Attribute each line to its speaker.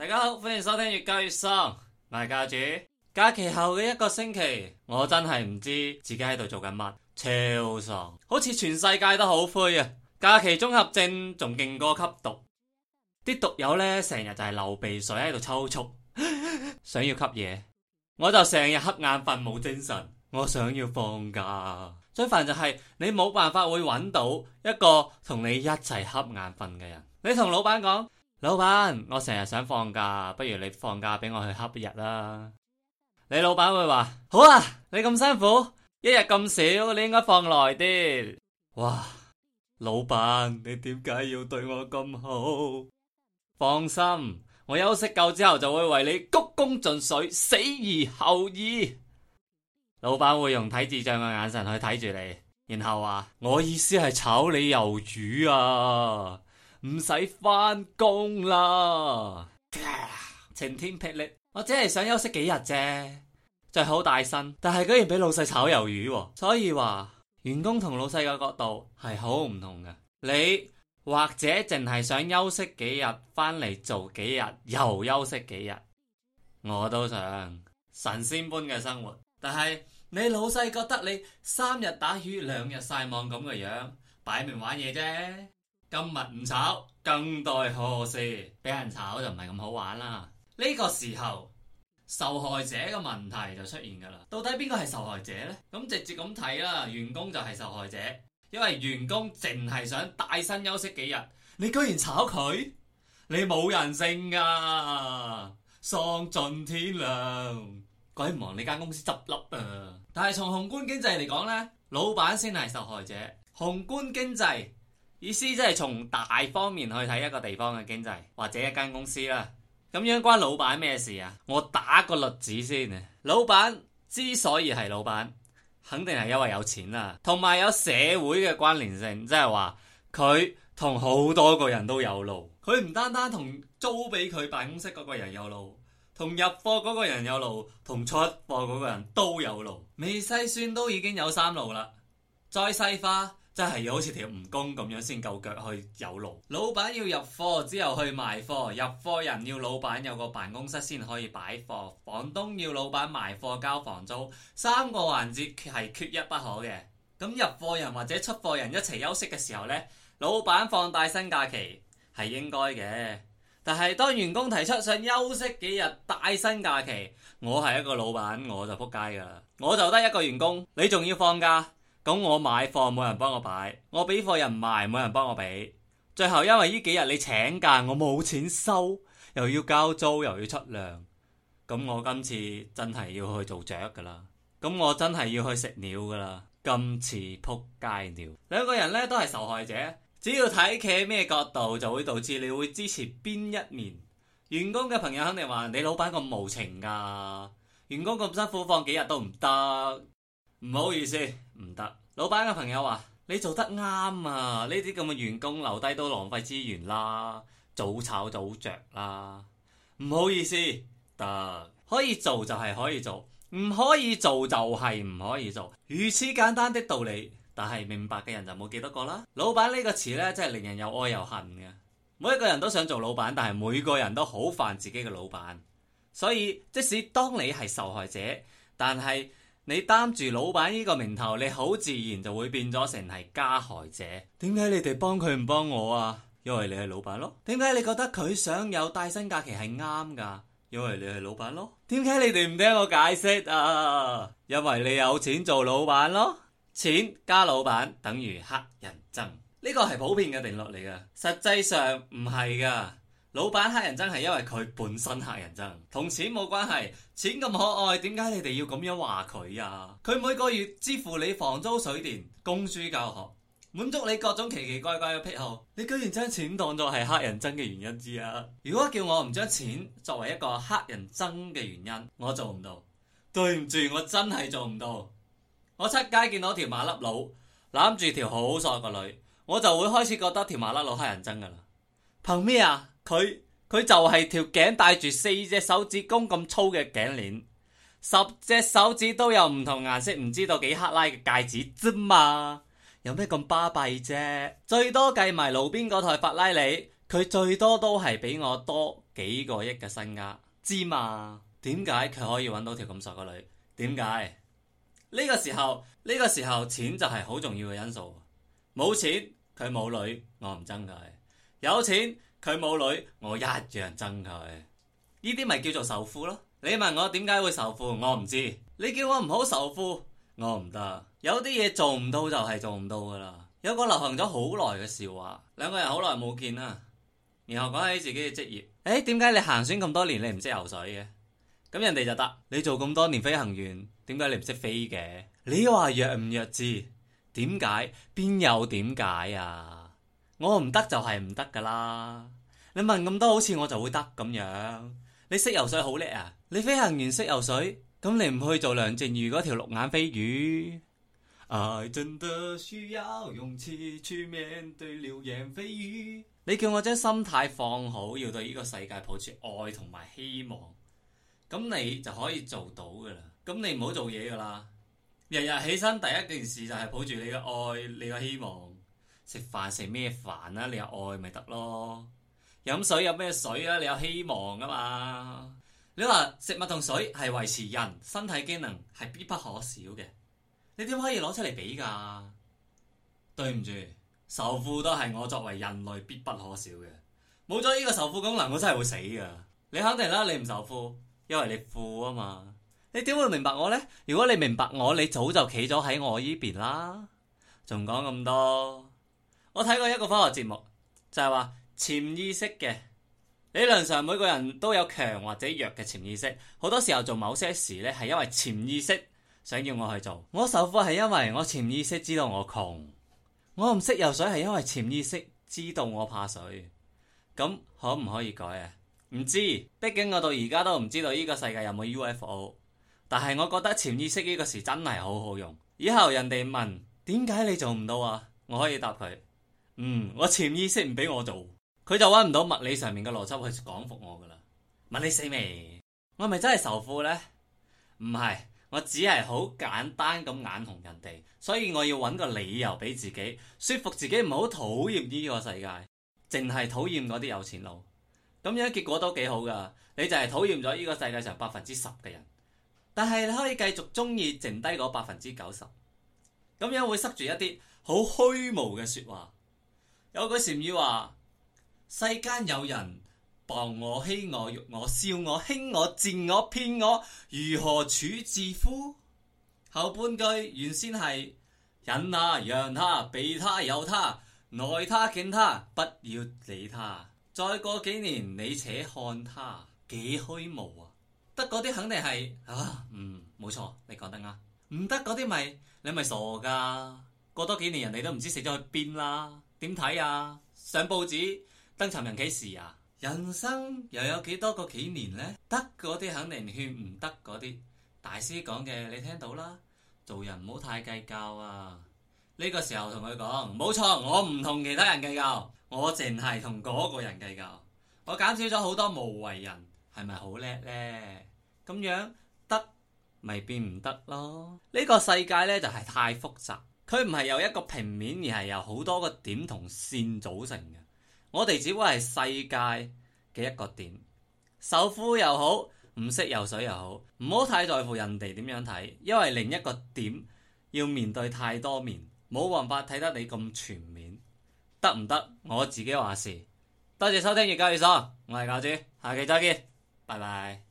Speaker 1: 大家好，歡迎收聽越教越喪，我係教主。假期後嘅一個星期，我真係唔知自己喺度做緊乜，超喪，好似全世界都好灰啊！假期綜合症仲勁過吸毒，啲毒友呢成日就係流鼻水喺度抽搐， 想要吸嘢，我就成日瞌眼瞓冇精神，我想要放假。最煩就係你冇辦法會揾到一個同你一齊瞌眼瞓嘅人，你同老闆講。老闆，我成日想放假，不如你放假畀我去瞌一日啦。你老闆會話：好啊，你咁辛苦，一日咁少，你應該放耐啲。哇，老闆，你點解要對我咁好？放心，我休息夠之後就會為你鞠躬盡瘁，死而後已。老闆會用睇智障嘅眼神去睇住你，然後話：我意思係炒你魷魚啊！唔使翻工啦！呃、晴天霹靂，我只係想休息幾日啫，最好帶薪，但係居然俾老細炒魷魚，所以話員工同老細嘅角度係好唔同嘅。你或者淨係想休息幾日，翻嚟做幾日，又休息幾日，我都想神仙般嘅生活。但係你老細覺得你三日打魚兩日曬網咁嘅樣，擺明玩嘢啫。今日唔炒，更待何時？俾人炒就唔係咁好玩啦。呢個時候，受害者嘅問題就出現噶啦。到底邊個係受害者呢？咁直接咁睇啦，員工就係受害者，因為員工淨係想帶薪休息幾日，你居然炒佢，你冇人性噶，喪盡天良！鬼唔望你間公司執笠啊！但係從宏觀經濟嚟講呢，老闆先係受害者。宏觀經濟。意思即係從大方面去睇一個地方嘅經濟或者一間公司啦，咁樣關老闆咩事啊？我打個例子先啊，老闆之所以係老闆，肯定係因為有錢啦、啊，同埋有，有社會嘅關聯性，即係話佢同好多個人都有路，佢唔單單同租俾佢辦公室嗰個人有路，同入貨嗰個人有路，同出貨嗰個人都有路，未細算都已經有三路啦，再細化。真係要好似條蜈蚣咁樣，先夠腳去有路。老闆要入貨之後去賣貨，入貨人要老闆有個辦公室先可以擺貨，房東要老闆賣貨交房租，三個環節係缺一不可嘅。咁入貨人或者出貨人一齊休息嘅時候呢，老闆放大薪假期係應該嘅。但係當員工提出想休息幾日帶薪假期，我係一個老闆，我就撲街噶啦，我就得一個員工，你仲要放假？咁我買貨冇人幫我擺，我俾貨人唔賣，冇人幫我俾。最後因為呢幾日你請假，我冇錢收，又要交租又要出糧，咁我今次真係要去做雀噶啦，咁我真係要去食鳥噶啦，今次扑街掉。兩個人咧都係受害者，只要睇企喺咩角度，就會導致你會支持邊一面。員工嘅朋友肯定話你老闆咁無情噶啊，員工咁辛苦放幾日都唔得。唔好意思，唔得。老闆嘅朋友話：你做得啱啊！呢啲咁嘅員工留低都浪費資源啦，早炒早着啦。唔好意思，得可以做就係可以做，唔可以做就係唔可以做。如此簡單的道理，但係明白嘅人就冇幾多個啦。老闆呢個詞呢，真係令人又愛又恨嘅。每一個人都想做老闆，但係每個人都好煩自己嘅老闆。所以即使當你係受害者，但係。你擔住老闆呢個名頭，你好自然就會變咗成係加害者。點解你哋幫佢唔幫我啊？因為你係老闆咯。點解你覺得佢想有帶薪假期係啱噶？因為你係老闆咯。點解你哋唔聽我解釋啊？因為你有錢做老闆咯。錢加老闆等於黑人憎，呢個係普遍嘅定律嚟噶，實際上唔係噶。老闆黑人憎係因為佢本身黑人憎，同錢冇關係。錢咁可愛，點解你哋要咁樣話佢啊？佢每個月支付你房租、水電、供書教學，滿足你各種奇奇怪怪嘅癖好，你居然將錢當作係黑人憎嘅原因之、啊、一。如果叫我唔將錢作為一個黑人憎嘅原因，我做唔到。對唔住，我真係做唔到。我出街見到條馬粒佬攬住條好索個女，我就會開始覺得條馬粒佬黑人憎噶啦。憑咩啊？佢佢就係條頸戴住四隻手指公咁粗嘅頸鏈，十隻手指都有唔同顏色，唔知道幾克拉嘅戒指啫嘛。有咩咁巴閉啫？最多計埋路邊嗰台法拉利，佢最多都係比我多幾個億嘅身家，知嘛？點解佢可以搵到條咁傻嘅女？點解呢個時候呢個時候錢就係好重要嘅因素。冇錢佢冇女，我唔爭佢。有錢。佢冇女，我一樣憎佢。呢啲咪叫做仇富咯？你問我點解會仇富，我唔知。你叫我唔好仇富，我唔得。有啲嘢做唔到就係做唔到噶啦。有個流行咗好耐嘅笑話，兩個人好耐冇見啦，然後講起自己嘅職業。誒，點解你行船咁多年你唔識游水嘅？咁人哋就答：你做咁多年飛行員，點解你唔識飛嘅？你話弱唔弱智？點解？邊有點解啊？我唔得就係唔得噶啦，你問咁多好似我就會得咁樣。你識游水好叻啊，你飛行員識游水，咁你唔去做梁靜茹嗰條六眼飛魚。愛，真的需要勇氣去面對流言蜚語。你叫我將心態放好，要對呢個世界抱住愛同埋希望，咁你就可以做到噶啦。咁你唔好做嘢噶啦，日日起身第一件事就係抱住你嘅愛，你嘅希望。食飯食咩飯啊？你有愛咪得咯。飲水有咩水啊？你有希望噶嘛？你話食物同水係維持人身體機能係必不可少嘅，你點可以攞出嚟比噶？對唔住，仇富都係我作為人類必不可少嘅，冇咗呢個仇富功能，我真係會死噶。你肯定啦，你唔仇富，因為你富啊嘛。你點會明白我呢？如果你明白我，你早就企咗喺我呢邊啦。仲講咁多？我睇過一個科學節目，就係話潛意識嘅理論上，每個人都有強或者弱嘅潛意識。好多時候做某些事咧，係因為潛意識想要我去做。我仇富係因為我潛意識知道我窮，我唔識游水係因為潛意識知道我怕水。咁可唔可以改啊？唔知，畢竟我到而家都唔知道呢個世界有冇 UFO。但係我覺得潛意識呢個詞真係好好用。以後人哋問點解你做唔到啊？我可以答佢。嗯，我潛意識唔俾我做，佢就揾唔到物理上面嘅邏輯去講服我噶啦。問你死未？我係咪真係仇富呢？唔係，我只係好簡單咁眼紅人哋，所以我要揾個理由俾自己說服自己，唔好討厭呢個世界，淨係討厭嗰啲有錢佬。咁樣結果都幾好噶，你就係討厭咗呢個世界上百分之十嘅人，但係你可以繼續中意剩低嗰百分之九十，咁樣會塞住一啲好虛無嘅說話。有句禪語話：世間有人謗我、欺我、辱我、笑我、輕我、賤我、騙我，如何處置乎？後半句原先係忍啊，讓啊，避他、有他、耐他、見他，不要理他。再過幾年，你且看他幾虛無啊！得嗰啲肯定係啊，嗯，冇錯，你講得啱。唔得嗰啲咪你咪傻噶。過多幾年，人哋都唔知死咗去邊啦。點睇啊？上報紙登尋人幾時啊？人生又有幾多個幾年呢？得嗰啲肯定勸唔得嗰啲。大師講嘅你聽到啦。做人唔好太計較啊。呢個時候同佢講，冇錯，我唔同其他人計較，我淨係同嗰個人計較。我減少咗好多無謂人，係咪好叻呢？咁樣得咪變唔得咯？呢個世界呢，就係太複雜。佢唔係由一個平面，而係由好多個點同線組成嘅。我哋只不過係世界嘅一個點，仇富又好，唔識游水又好，唔好太在乎人哋點樣睇，因為另一個點要面對太多面，冇辦法睇得你咁全面。得唔得？我自己話事。多謝收聽《粵教粵喪》，我係教主，下期再見，拜拜。